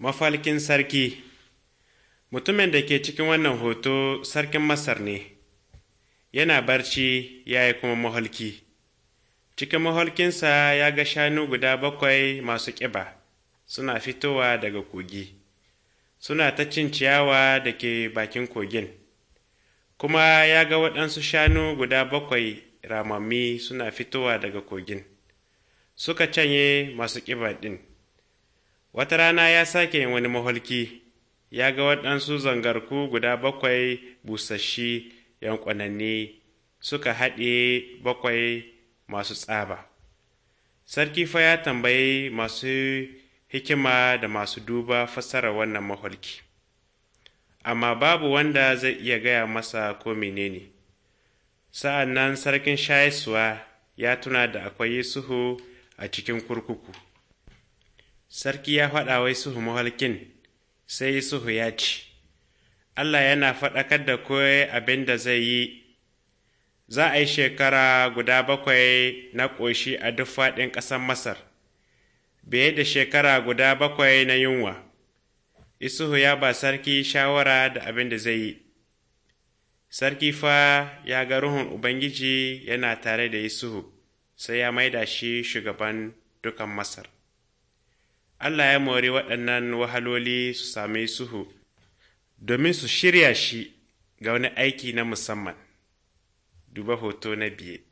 Mafalkin sarki Mutumin da ke cikin wannan hoto sarkin Masar ne, yana barci ya yi kuma maholki. Cikin maholkinsa ya ga shanu guda bakwai masu ƙiba suna fitowa daga kogi, suna ta cin ciyawa da ke bakin kogin, kuma ya ga waɗansu shanu guda bakwai ramammi suna fitowa daga kogin, suka canye masu ƙiba ɗin. Wata rana ya sake yin wani maholki, ya ga waɗansu zangarku guda bakwai busasshi yankwananne suka haɗe bakwai masu tsaba. Sarki fa ya tambayi masu hikima da masu duba fassara wannan maholki, amma babu wanda zai iya gaya masa ko menene. Sa'an nan sarkin shayiswa ya tuna da akwai suhu a cikin kurkuku. sarki ya faɗa wa Suhu mahalkin sai Suhu ya ci, Allah yana faɗakar da koyi abin da zai yi, za a yi shekara guda bakwai na ƙoshi a duk faɗin ƙasar Masar, biye da shekara guda bakwai na yunwa. Isuhu ya ba sarki shawara da abin da zai yi. Sarki fa ya ga Ruhun Ubangiji yana tare da Isuhu, sai ya maida shi shugaban dukan Masar. Allah ya more waɗannan wahaloli su same suhu domin su shirya shi ga wani aiki na musamman. Duba hoto na biye.